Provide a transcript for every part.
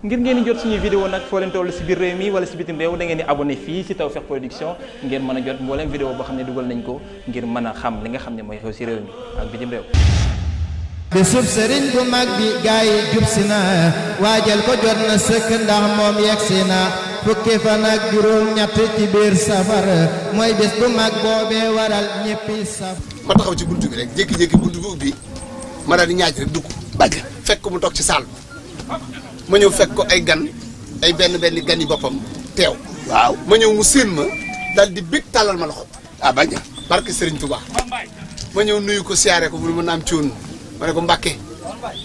ngir ngeen jot suñuy vidéo nag foo leen toll si biir réew mi wala si bitim réew da ngeen di abonné fii si Tawfekh Production ngeen mën a jot mbooleem vidéo boo xam ne dugal nañ ko ngir mën a xam li nga xam ne mooy xew si réew mi ak bitim réew bisub sëriñ bu mag bi gaa yi jub si na waajal ko jot na sëkk ndax moom yegg si na fukki fan ak juróom ñett ci biir safar mooy bés bu mag boobee waral ñëppi safar ma taxaw ci buntu bi rek jékki-jékki buntu bi ubbi di ñaaj rek dugg bàgg fekk mu toog ci saal ma ñëw fekk ko ay gan ay benn benn gan yi boppam teew. waaw ma ñëw mu séen ma dal di bég tàllal ma loxo. ba ah, bañ a barke Serigne Touba ma ñëw nuyu ko siyaare ko bu ma naam ciwoon ma ne ko Mbàkke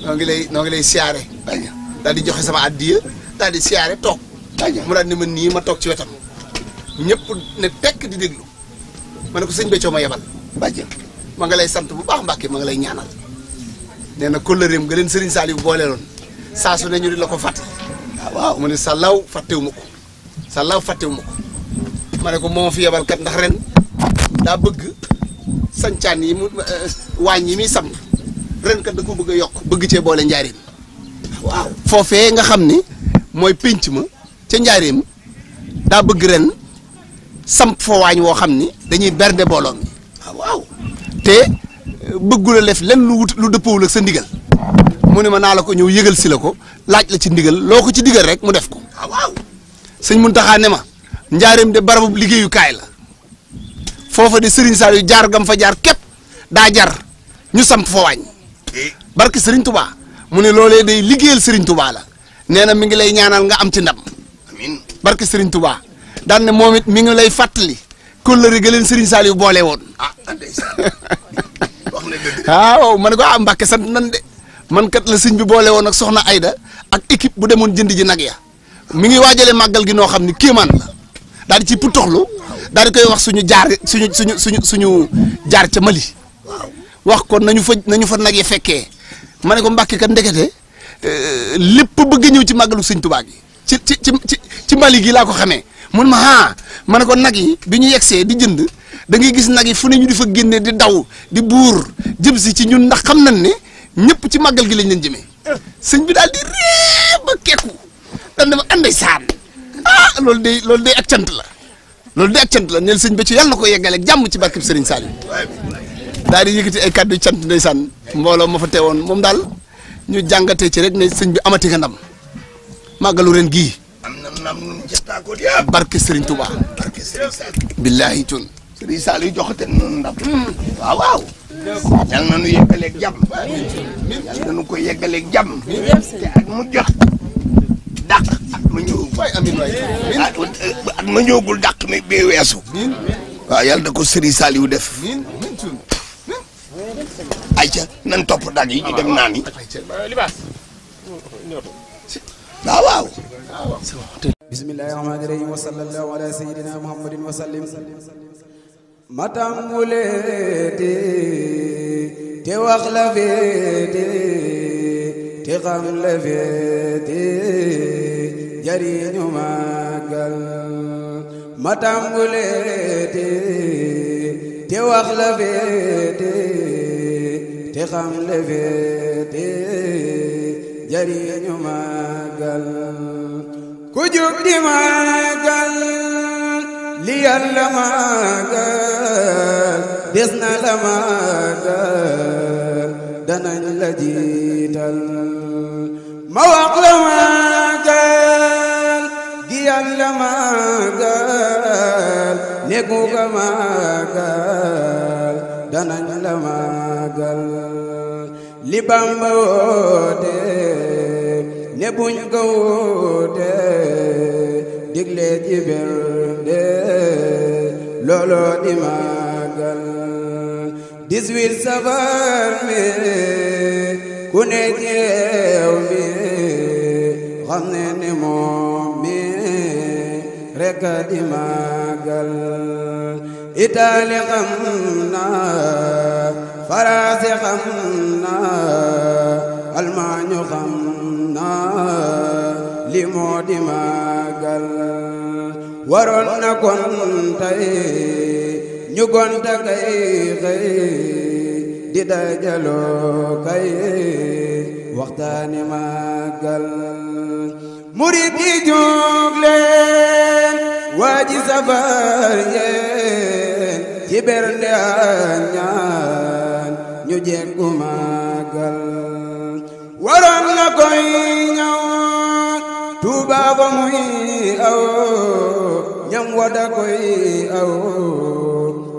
noo ngi lay noo ngi lay siyaare. bañ daal di joxe sama addiya daal di siyaare toog. mu daal ni ma nii ma toog ci wetam ñëpp ne tekk di déglu ma ne ko sëñ Béthio ma yebal. bañ ma nga lay sant bu baax Mbàkke ma nga lay ñaanal nee na kóllëreem nga leen saal yu booleeloon. saa su ñu di la ko fàtte waaw mu ne sa law fàttewu ma ko sa law fàttewu ma ko ma ne ko moo fi yebal kat ndax ren daa bëgg sancaan yi mu waañ yi muy samp ren kat da ko bëgg a yokk bëgg cee boole njaareem waaw foofee nga xam ni mooy pénc ma ca njaareem daa bëgg ren samp fa waañ woo xam ni dañuy bernde booloo mi waaw te bëggula def lenn lu wut lu dëppoowul ak sa ndigal mu ne ma naa la ko ñëw yëgal si la ko laaj la ci ndigal loo ko ci digal rek mu def ko ah, waaw sëñ Muntaxa ma njaareem de barabu liggéeyukaay la foofa de Serigne Saliou jaar gam fa jaar képp daa jar ñu samp fa wàññ eh. barke sëriñ Touba mu ne loolee day liggéeyal Serigne Touba la nee na mi ngi lay ñaanal nga am ci ndam barke Serigne Touba daan ne moom mi ngi lay fàttali kóllëre ga leen Serigne Saliou boole woon ah waaw ma ne ko ah Mbàkke de. man kat la sëñ bi boole woon ak soxna Ayda ak équipe bu demoon jënd ji nag ya mi ngi waajalee màggal gi noo xam ni kéemaan la daal di ci putoxlu daal koy wax suñu jaar suñu suñu suñu suñu jaar ca Mali wax kon nañu fa nañu fa nag ya fekkee ma ne ko Mbàkke kat ndekete euh, lépp bëgg ñëw ci màggalu sëñ Tuubaa gi ci ci ci ci Mali gi laa ko xamee mun ma ah ma ne ko nag yi bi ñu yegsee di jënd da ngay gis nag yi fu ne ñu di fa génne di daw di buur jëm si ci ñun ndax xam nañ ni ñépp ci màggal gi lañ leen jëmee sëñ bi daal di ree ba kekku daan dama ànday saan ah loolu day loolu day ak cant la loolu day la sëñ bi ci yàlla na ko yeggale ak jàmm ci barkeb sëriñ Saliou daal di yëkkati ay kàddu cant ndeysaan mbooloo ma fa teewoon moom daal ñu jàngatee ci rek ne sëñ bi amati nga ndam màggalu ren gi am na ndam nu jëttaakoo yëpp. barke Serigne Touba. billaahi cun. yal na nu yeggaleeg jàmm yal na nu ko yeggaleeg jàmm te mu jox dàq ma ñëwagul at ma ñëwagul dàq mi bi weesu waaw yàlla da ko Serigne Saliou def ayca nan topp dag yi ñu dem naan yi waaw waaw bismillahi rahmaani rahim wa sallallahu wax wax la féete te xam la féete jariñu màggal ku jub di màggal li Yàlla màggal des na la màggal danañ la jiital ma wax la màggal gi yàlla màggal néegu ko màggal danañ la màggal li Bamba woote ne buñ ko woote digle ci bernde looloo di màggal dix-huit safar mi ku ne teew mi xam ne ni moom mi rekk a Itaali xam naa Faransi xam naa Almaañu xam naa li moo di waroon na kon ñu gonta kay xëy di dajaloo kay waxtaani màggal murit yi jóg leen waa ji safar yeen ci bernde ak ñaan ñu jekku màggal waroon na koy ñëw Tuuba fa muy aw ñam wada koy aw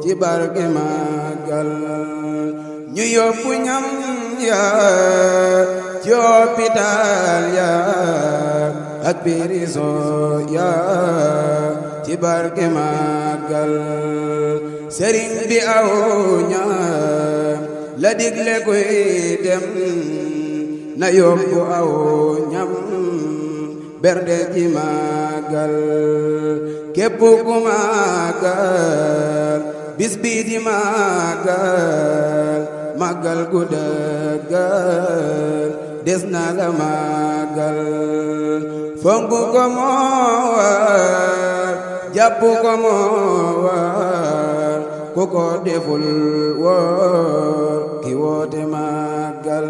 ci barke màggal ñu yóbbu ñam ya ci hôpital ya ak prison ci barke màggal sëriñ bi aw ña la digle kuy dem na yóbbu aw ñam berde ci màggal képp ku màggal bis bii di màggal des na la màggal fonk ko moo war ku ko deful woor woote màggal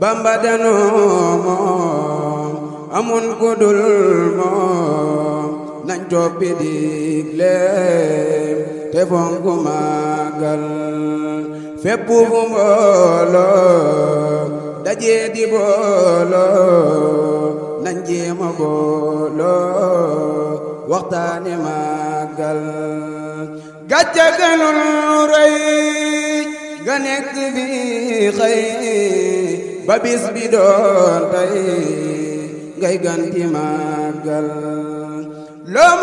bamba danoo moom amun ku moom nañ toppi digle te fonk màggal fépp fu dajee di booloo nañ jéem a booloo waxtaane màggal gàcce ganul rëy nga nekk bi xëy bi doon tey ngay ganti màggal loo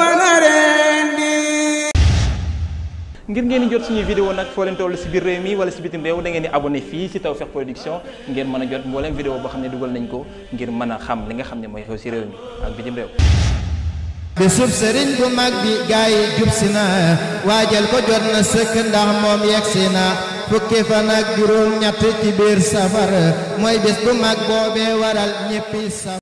ngir ngeen jot suñuy vidéo nag foo leen si biir réew mi wala si bitim réew da ngeen di abonné fii si Tawfekh Production ngeen mën a jot mbooleem vidéo boo xam ne dugal nañ ko ngir mën a xam li nga xam ne mooy xew si réew mi ak bitim réew bisub sëriñ bu mag bi gaa yi jub si na waajal ko jot na sëkk ndax moom yegg na fukki fan ak juróom ñett ci biir safar mooy bés bu mag boobee waral ñëppi safar